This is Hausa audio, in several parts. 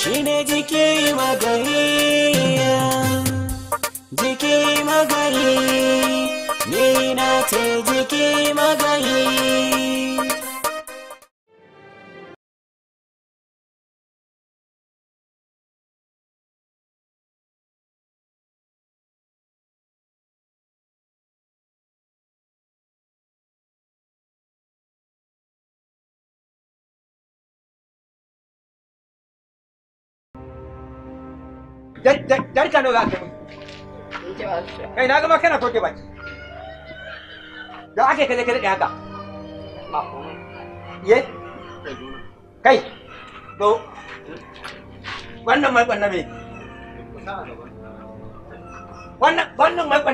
shi ne jiki magani kai Kai na baki. ake kaje ka haka. Ye? Kai, to, wannan mai me? Wannan mai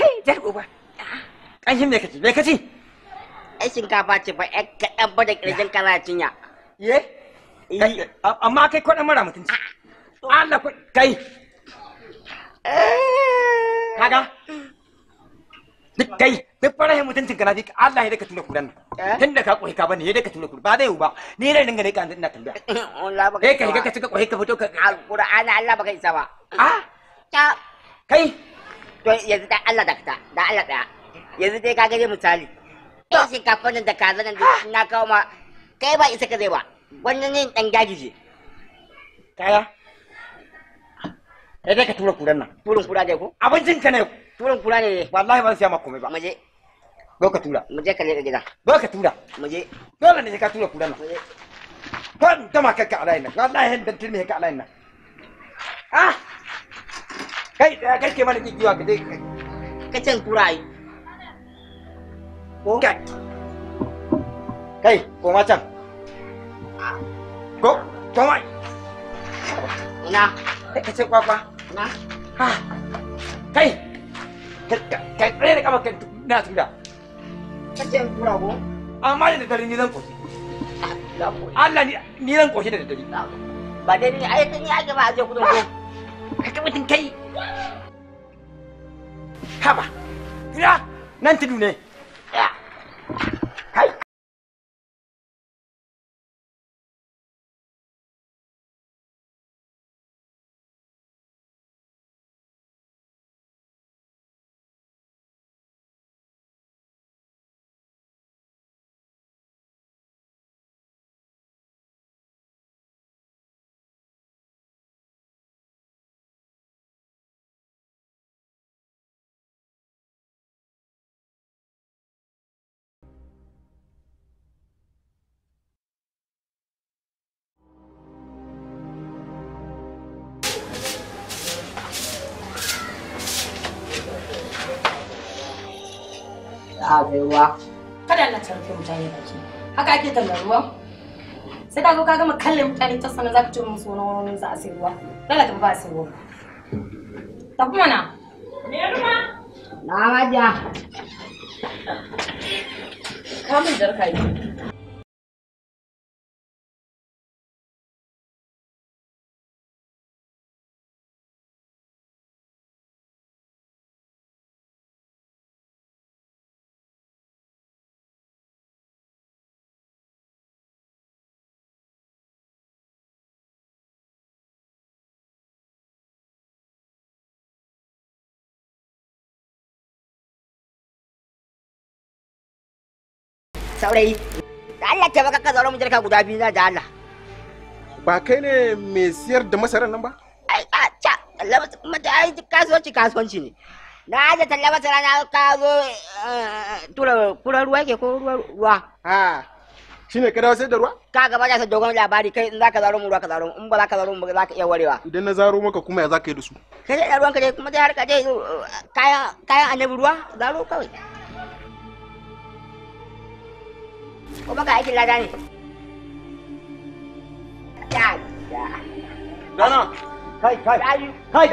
Kai, Ƙanshin me kaci? Me kaci? Ai shinkafa ce ba, ai ka ba da ƙirjin kana cinya. Ye? Eh? Amma kai kwaɗan mara mutunci. Allah kai. Kaga? Duk kai, duk farahin mutuncin ka na Allah ya daga tuna kuran nan. Eh? Tun da ka kohi ka bane ya daga tuna kuran ba zai yi ba. Ni ne dinga ne ka ina tambaya. Eh kai ka cika kohi ka fito ka Alƙur'ani Allah baka isa ba. Ah? Ta. Kai. To yanzu da Allah da fita, da Allah da. Yanzu dai ka gani misali. Shinkafa nan da kaza da na kawo ma kai ba isa ka zai ba wannan ne dan gajiji kaya sai dai ka tura kuran nan tura kura dai ko abincin ka ne tura kura ne wallahi ban siya ma komai ba mu je ka tura mu je ka ne gida go ka tura mu je dole ne ka tura kuran nan ko dama ka ka alai nan wallahi hin dantin ne ka alai nan ah kai eh, kai ke mana kikiwa ka dai ka can kura ai ko kai koma can ko koma ina kai ka ce kwakwa na kai kai tsaye da kama kai na tuda kake yin kura ko amma da daddare ni zan koshi Allah ni zan koshi da daddare ba dai ni ai kan yi ake ba a je kudin mutun kai haba ina nan tudu ne ba ruwa kada na tarfe mutane baki haka ake tallar ruwa sai ka zo ka gama kallon mutane ta sanar za ka ce musu wani wani za a sai ruwa ta ba a sai ruwa ta kuma na me ruwa na maja kamun jarka yi. saurayi Allah ta baka ka zaura mu jirka guda biyu na da Allah ba kai ne mai siyar da masaran nan ba ai a ta mata ai kasuwanci kasuwanci ne na da talla masara na ka zo eh, tura kuran ruwa ke ko ruwa ha shine ka dawo sai da ruwa ka gaba da dogon labari kai in zaka zaro mu ruwa ka zaro in ba zaka zaro mu ba zaka iya warewa idan na zaro maka kuma ya zaka yi da su kai da ruwan ka dai kuma dai har ka dai eh, kayan kayan annabi ruwa zaro kawai kuma ga aikin lada ne Dana, kai, kai, kai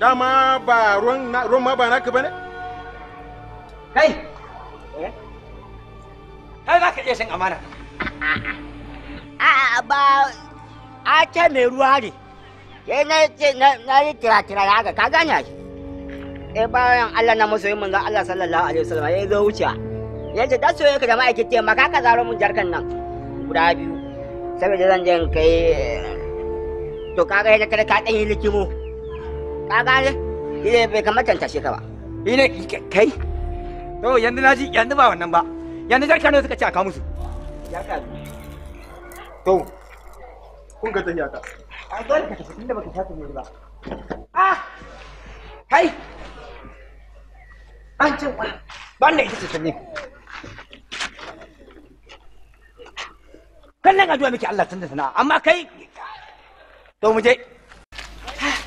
da ma ba naka bane? Kai. Eh? Kai za ka iya shan amana. A'a a ce mai ruwa ne. sai na yi tira-tira haka ka gane shi eh bayan Allah na masoyin manzon Allah sallallahu alaihi wasallam ya zo wuce ya ce daso yake da ma'aikin taimaka ka zaro mun jarkan nan guda biyu saboda zan je kai eh, to kaga yana kada ka dan yi likimo kaga ne ile bai kamata ta shi ka ba ile kai to yanzu na ji yanzu ba wannan ba yanzu jarkan ne suka ce aka musu jarkan to kun ga tafiya ta a dole ka tafi tunda baka shafa mai ba A! Ah! kai an cin kwa banda ita ce sanne kan nan addu'a miki Allah sana'a amma kai to ah,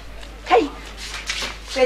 kai sai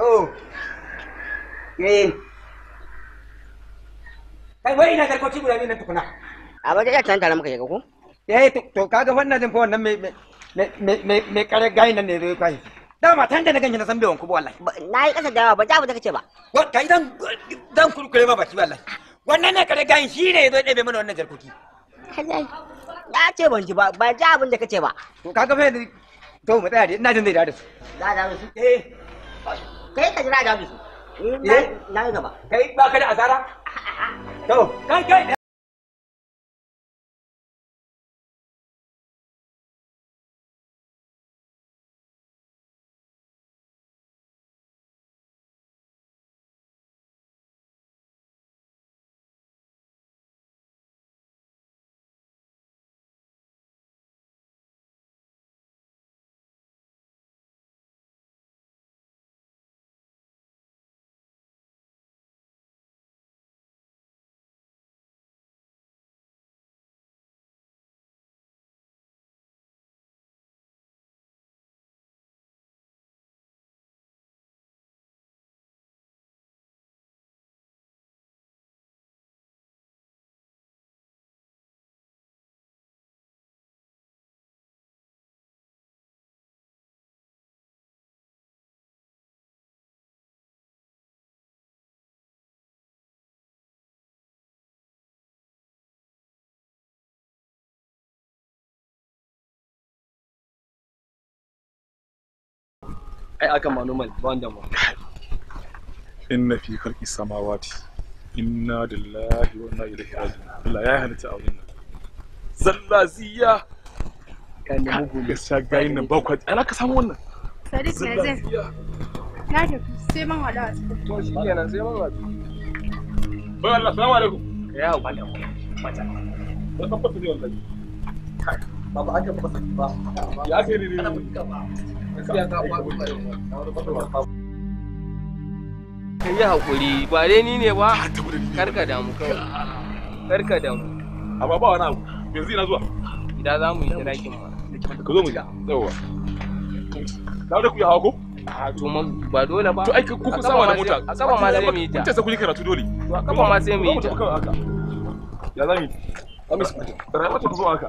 Go. eh kai wai ina karkoci guda ne nan tukuna a wajen ya tantara muka shiga ko eh to kaga wannan din fa wannan me mai mai kare gayin nan ne zai kai dama tan da na ganye na san bewan kubo wallahi na yi kasa da yawa ba jabu ba ta kace ba ko kai dan dan kurkure ma baki wallahi wannan ne kare gayin shi ne zai ɗebe mana wannan jarkoki na ce ban ji ba ba ja abin da kace ba to kaga fa to mu tsaya ina jin zai da su da da su eh kai ka jira da bisu eh, na eh? gaba kai ba ka da asara to kai kai ai akan ma normal ba wanda ma inna fi khalqi samawati inna lillahi wa inna ilaihi raji'un Allah ya halitta a wurin zallaziya kan mugu ne sa gayin nan bakwai ana ka samu wannan sadiq ne zai na tafi sai man hada a cikin to shi kenan sai man hada bai Allah salamu alaikum ya ba da mata ba tabbata ne wallahi ba aka ba ba ya ke ne ne ka yi hakuri ba dai ni ne ba karka damu kawai karka damu amma ba wani abu yanzu ina zuwa idan za mu yi tirakin ma ka zo mu ja yawa na da ku yi hawa ko to ba dole ba to ai ku ku sawa mota a sama ma sai mu yi ta kun karatu dole to a kafa ma sai mu yi ta ya za mu yi za mu ta zo haka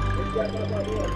Obrigado.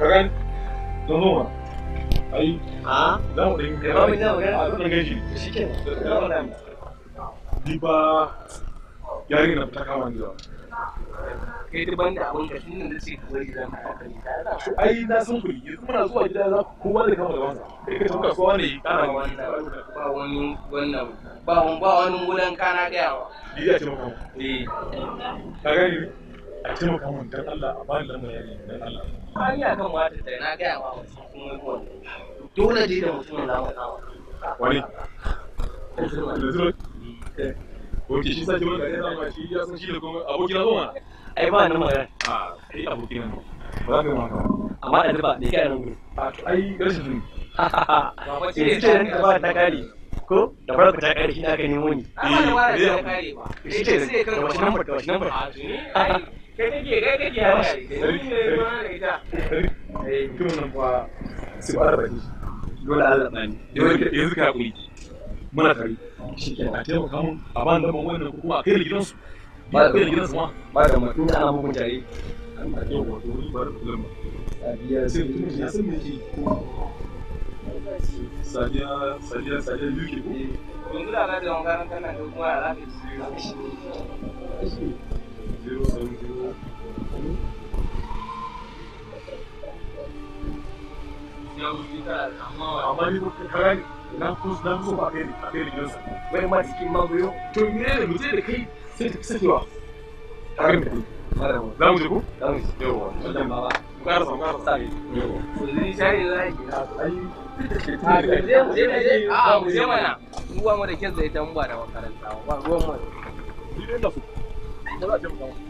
ka gani da noma ai a za mu ɗin kai ba mu da magana a kan gaji shi ke ni ba yarinya na fita kama ni kai duk banda abin ka tun da ce kuwa gida na kamfani to ai na san kuri yanzu muna zuwa gida za ku kowa da kama da wansa kai ka tuka kowa ne kana ba wani ba wani wannan ba wani ba wani wulan kana gaya wa ya ce maka eh a ce maka mun dan Allah a bani lamarin dan Allah an yi akan wata da na gaya ma wasu kuma gole dole dai da mutumin da mu wani eh. Oke shi sake wanda ya zama shi ya san shi da kuma abokin na zoma. Ai ba nan magana. A ah, ai abokin nan. Ba za maka. Amma da zuba me kai nan gudu. A ai rashin zuni. Ba ce ce ranka ba ta kare. Ko da farko ta kare shi da aka nemo ni. Eh, Amma ba ta eh, kare ba. Shi ce ranka ba shi nan ba ta shi nan ba. Thank kake kake amma ni muka na a mu da kai kyan zai ta makaranta ba ruwan mu ni da su ba ta mu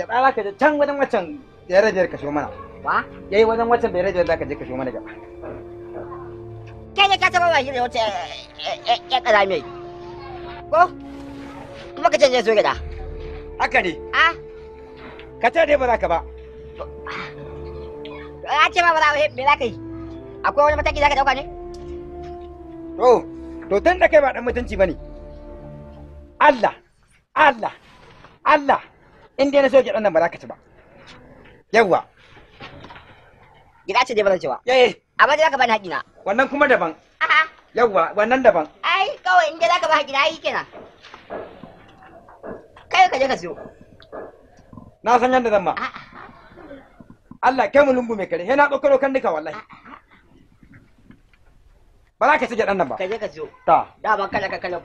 gyaɗa za ka je can wajen waccan ya rajiyar ka mana wa yayi wajen waccan bai rajiyar za ka je ka mana gyaɗa kai ne ka taɓa ba shi da wata ya ƙaza mai ko kuma ka canje so gyaɗa haka ne a ka ce dai ba za ka ba a ce ba ba za ka me za ka yi akwai wani mataki za ka dauka ne to to tun da kai ba ɗan mutunci ba ne Allah Allah Allah in dai na so gyaɗan nan ba za ka ci ba yawwa gida ce dai ba zan ci ba yayi amma dai za ka bani haƙina wannan kuma daban yawwa wannan daban ai kawai in dai za ka ba haƙina ai kenan kai ka je ka siyo na san yadda zan ma Allah kai mu lungu mai kare he na ɗaukar kan duka wallahi ba za ka ci dan nan ba ka je ka siyo ta da ban kala ka kala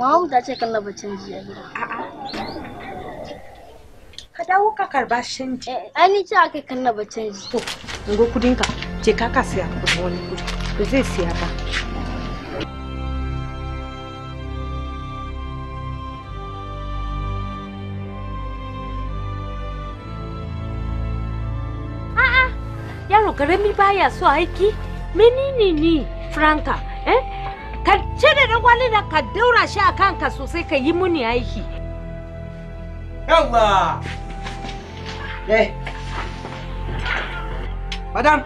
Mahmud ta ce kan laba canji a gida. A'a. Ka dawo ka karba canji. Eh, ai ni ce aka kan laba canji. To, ngo kudin ka. Je ka ka siya ka wani kudi. Ba zai siya ba. A'a, yaro karami baya so aiki? Menene ni, Franka? wani da ka daura shi a kanka sosai ka yi muni aiki. Yawwa! Eh! Madam!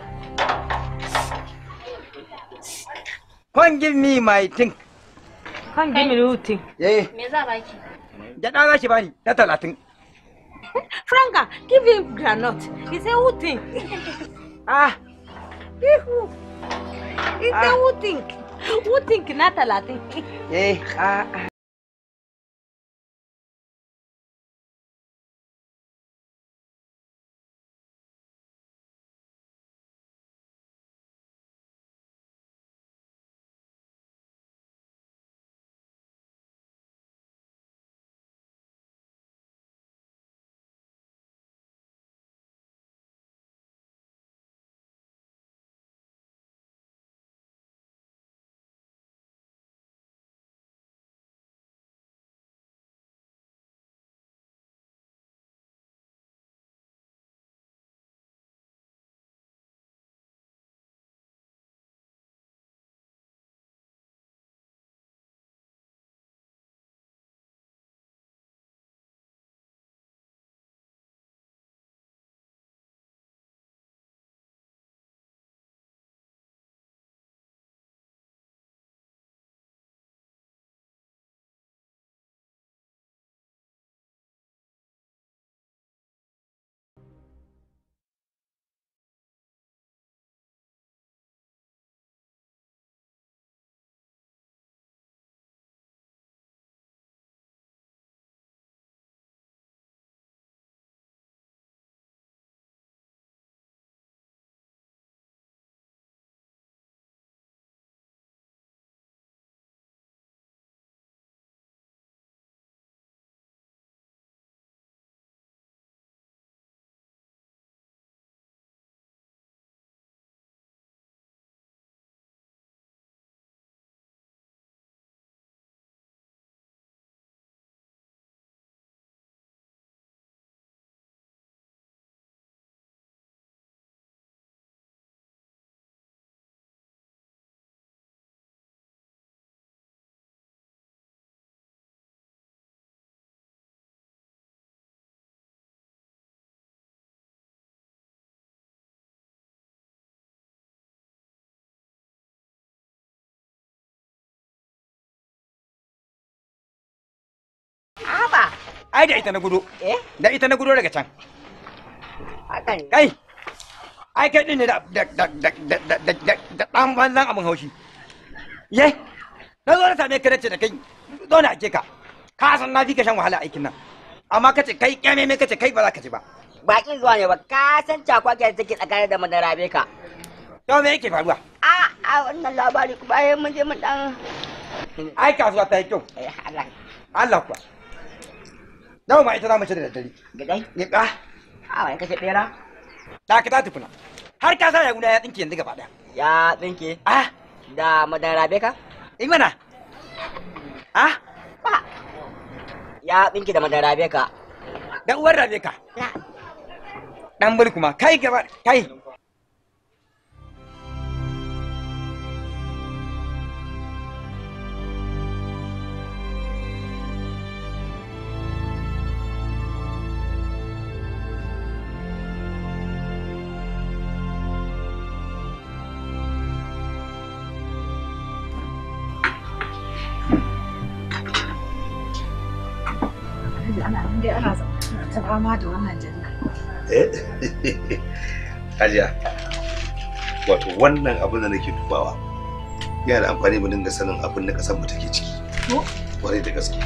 Come give me my thing. Come give me your thing. Eh. Me za ba ki? Gyaɗa za ki bani na talatin. Franka, give him granite. He say who think? ah! Ihu! He say ah. who think? Who think Natalie? Hey, ah. ai da ita na gudo eh? da ita na gudu daga can kai ai kai din ne da da da da da da dan wannan abin haushi ye na zo na same ka ce da kai zo na ake ka ka san na fi ka shan wahala aikin nan amma kace kai kyame me kace kai ba za ka ci ba bakin zuwa ne ba ka san cakwa ke take tsakanin da madara be ka to me yake faruwa a a wannan labari ku bayan mun je mun dan ai kasuwa ta yi kyau eh, Allah kuwa Dawo ma ita za mu ci da daddare. Gidai? Gida. A wani kashe bera? Da ka ta tufuna. Har ka ya guda ya tsinke yanzu gaba daya. Ya tsinke? Ah. Da madara be ka? In eh, mana. Ah. Ba. Ya tsinke da madara be ka. Da uwar rabe ka. Dan bulkuma kuma kai gaba kai. alhamdulillah alhamdulillah ana da wannan eh hajiya wato wannan abin da nake dubawa yana da amfani mu dinga sanin abin da kasar mu take ciki kwarai da gaske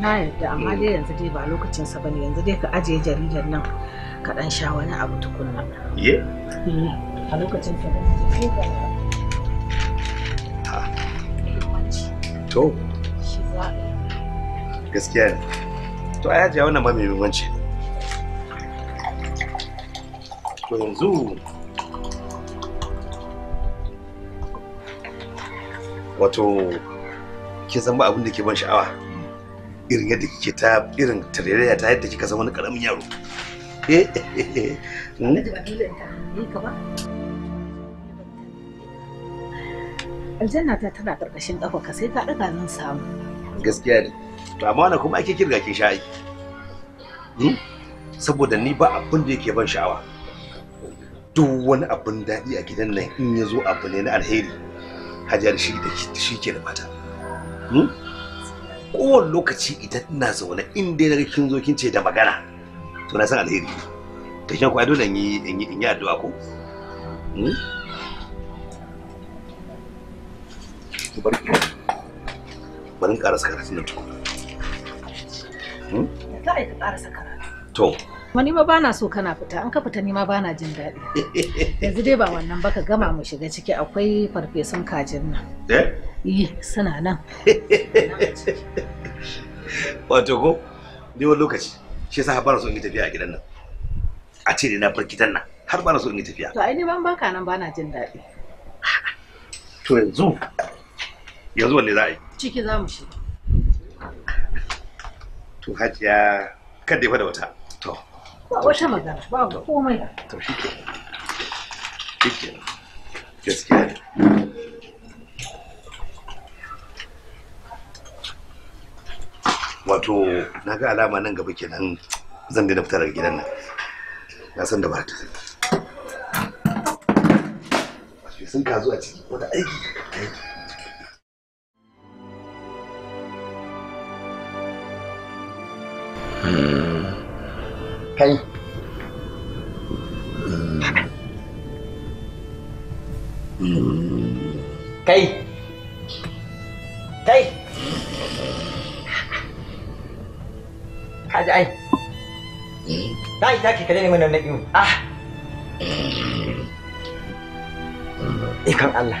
na yadda amma dai eh. yanzu dai ba lokacin sa bane yanzu dai ka ajiye jaridar nan ka dan sha wani abu tukunna ye eh, a lokacin ka da ah. to gaskiya ne to a yaji wannan ma mai muhimmanci to yanzu wato ke san ba abin da ke ban sha'awa irin yadda kike ta irin tarayya ta yadda kika san wani karamin yaro eh. aljanna ta tana karkashin kafa ka sai ka daga nan samu gaskiya ne to amma wannan kuma ake kirga kin sha'ai hmm? saboda ni ba abin da yake ban sha'awa duk wani abin daɗi a gidan nan in ya zo abu ne na alheri hajar shi da shi ke da mata hmm? kowane lokaci idan ina zaune in dai na kin zo kin ce da magana to na san alheri da shan kuwa dole yi in yi in yi addu'a ko hmm? bari bari karasa karatun da tukuna Hmm? Za a yi ka ƙarasa karatu. To. Wani ma bana so kana fita, an ka fita ni ma bana jin daɗi. Yanzu dai ba wannan baka gama mu shiga ciki akwai farfesun kajin nan. Eh? Yi eh, suna nan. Wato ko, ni wani lokaci, shi yasa bana so in yi tafiya a gidan nan. A ce na farkitan nan, har bana so in yi tafiya. To ai ni ban baka nan bana jin daɗi. To yanzu, yanzu wanne za a yi? Ciki za mu shiga. to hajiya kada ya da wata to ba wata magana ba komai to shike shike gaskiya wato na ga alama nan gaba kenan zan daina fitar gidan nan na san da ba ta sun ka zuwa ciki wata aiki aiki kai kaji ai tashi tashi ka daina mana na ah. Allah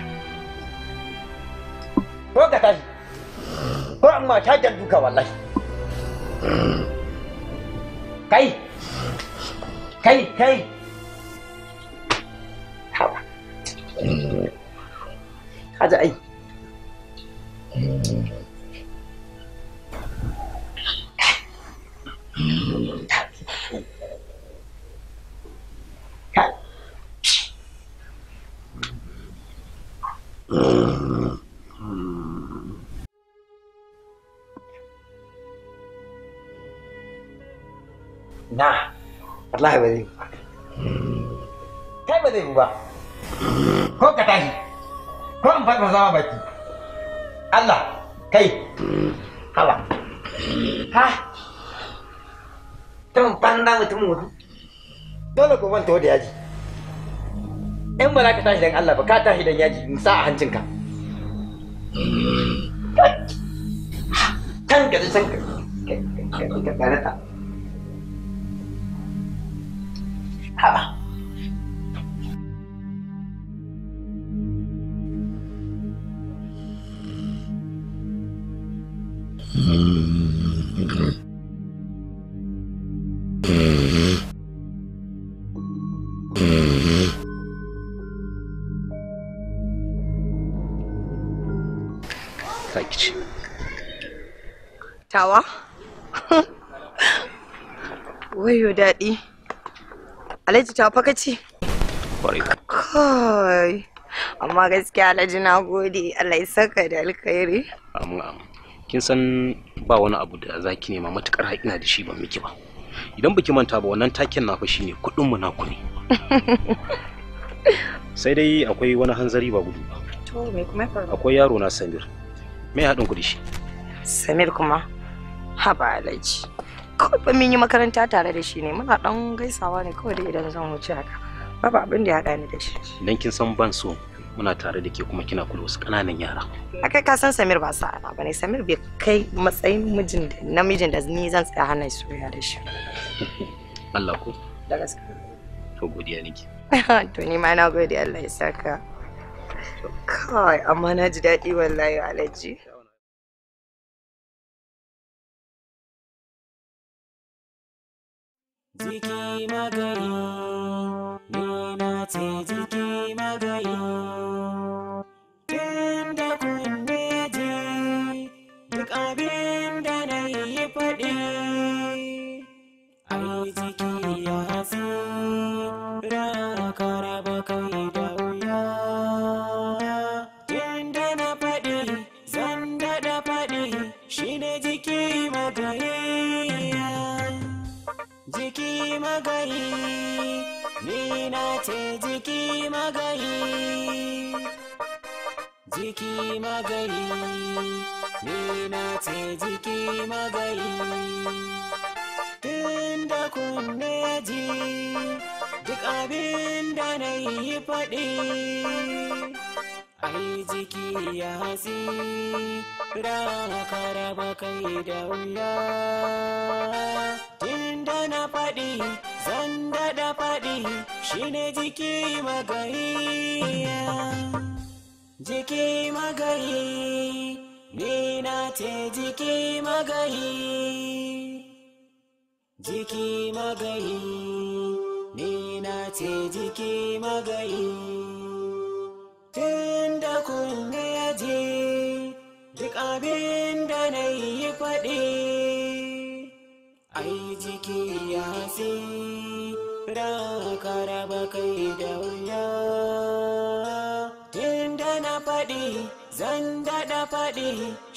ko ka tashi amma ta duka wallahi cây cây cây khá dậy Uh... wallahi ba zai ba kai ba zai ba ko ka tashi ko in fata zama baki Allah kai hala ha tun banda mutum mutu dole ko wanta wanda yaji in ba za ka tashi dan Allah ba ka tashi dan yaji in sa a hancinka kan ka san ka ka ka ka Haba. Like Tawa? you, Daddy? Alhaji ta faka ce? Kai. Amma gaskiya Alhaji na gode Allah ya saka da alkhairi. Amin Kin san ba wani abu da zaki nema matukar haƙina da shi ban miki ba. Idan baki manta ba wannan takin na fa shine kuɗin mu naku ne. Sai dai akwai wani hanzari ba gudu ba. To me kuma Akwai yaro na Samir. Me haɗin ku da shi? Samir kuma? Haba Alhaji. kawai mun yi makaranta tare da shi ne muna dan gaisawa ne kawai da idan zan wuce haka babu abin da ya haɗa ni da shi dan kin san ban so muna tare da ke kuma kina kula wasu ƙananan yara akai ka san Samir ba sa ba ne Samir bai kai matsayin mijin da namijin da ni zan tsaya hana soyayya da shi Allah ko da gaske to godiya nake to ni ma na gode Allah ya saka kai amma na ji daɗi wallahi alaji Jiki magani, yana ce shine jiki magari jiki magari ni na ce jiki magari jiki magari ni na ce jiki magari tun da kunne ya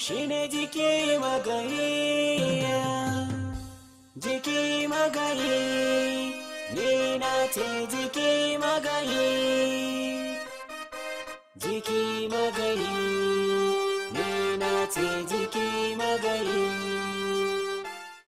shine jiki magari jiki magari ni na ce jiki magani. jiki magari